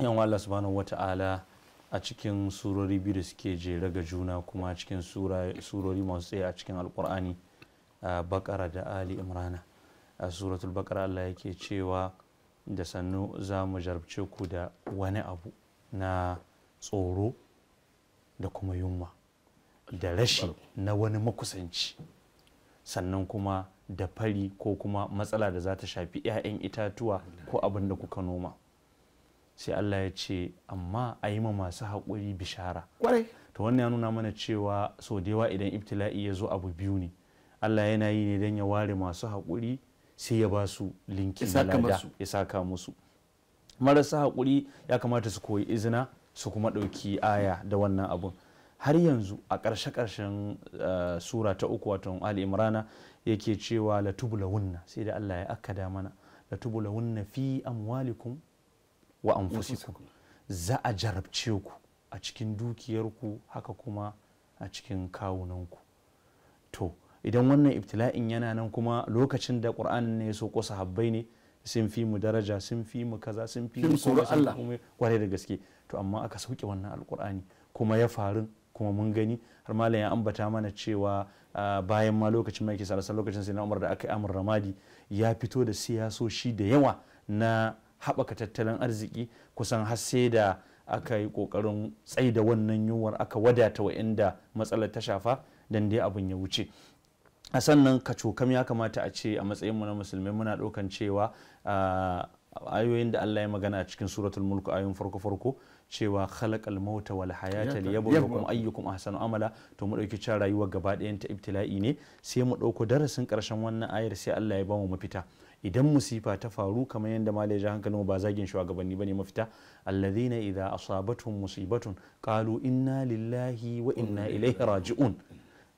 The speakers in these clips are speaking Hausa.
yan Allah subhanahu wata'ala a cikin surori biyu da suke jere ga juna kuma cikin surori masu tsaye a cikin alkur'ani a bakara da ali imrana a suratul bakara Allah yake cewa da sannu za mu jarabce ku da wani abu na tsoro da kuma yunwa da rashi na wani makusanci sannan kuma da fari ko kuma matsala da za ta shafi 'ya'yan itatuwa ko abin da kuka noma sai Allah ya ce amma a yi ma masu haƙuri bishara Ta to ya nuna mana cewa sau da yawa idan ibtila'i ya zo abu biyu ne Allah yana yi ne don ya ware masu haƙuri sai ya ba su linki lada ya saka musu marasa haƙuri ya kamata su koyi izina su kuma ɗauki aya da wannan abun har yanzu a ƙarshe-ƙarshen eh, sura ta uku wato al Imrana yake cewa latubulawunna sai da Allah ya akkada mana latubulawunna fi amwalikum wa anfusikum za a jarabce ku a cikin dukiyarku haka kuma a cikin kawunanku to idan wannan ibtila'in yana nan kuma lokacin da qur'anin ne ya so kusa habbai ne sun fi mu daraja sun fi mu kaza sun fi mu Allah kwarai da gaske to amma aka sauke wannan alkur'ani kuma ya faru kuma mun gani har malam ya ambata mana cewa bayan ma lokacin mai kisa lokacin sai na Umar da aka yi amur ramadi ya fito da siyasoshi da yawa na haɓaka tattalin arziki kusan har sai da aka yi ƙoƙarin da wannan yunwar aka wadata wa'inda matsalar ta shafa dan dai abin ya wuce a sannan kacokam ya kamata a ce a matsayin mu na musulmi muna ɗaukan cewa ah, ayoyin da Allah ya magana a cikin suratul mulk ayoyin farko farko cewa khalaqal mauta wal hayata liyabluwakum ayyukum ahsanu amala to mu dauki cewa rayuwar gaba ɗayan ta ibtila'i ne sai mu dauko darasin karshen wannan ayar sai Allah ya bamu mafita idan musifa ta faru kamar yadda malai ja hankalin ba zagin shugabanni bane mafita alladhina idza asabatuhum musibatun qalu inna lillahi wa inna ilaihi raji'un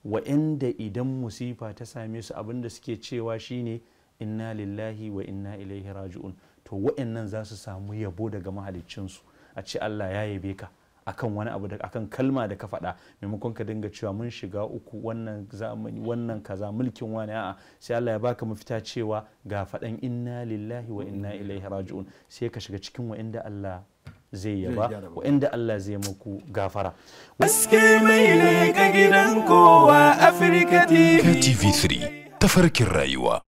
wa'anda idan musifa ta same su abinda suke cewa shine inna lillahi wa inna ilaihi raji'un to wa'annan za su samu yabo daga mahaliccinsu a ce Allah ya yabe ka akan wani abu da akan kalma da ka faɗa maimakon ka dinga cewa mun shiga uku wannan zamani wannan kaza mulkin wani a'a sai Allah ya baka mafita cewa ga faɗan inna lillahi wa inna ilaihi raji'un sai ka shiga cikin wa'inda Allah zai yaba waanda Allah zai muku gafara aske mai ne ka gidan kowa afirka TV TV3 tafarkin rayuwa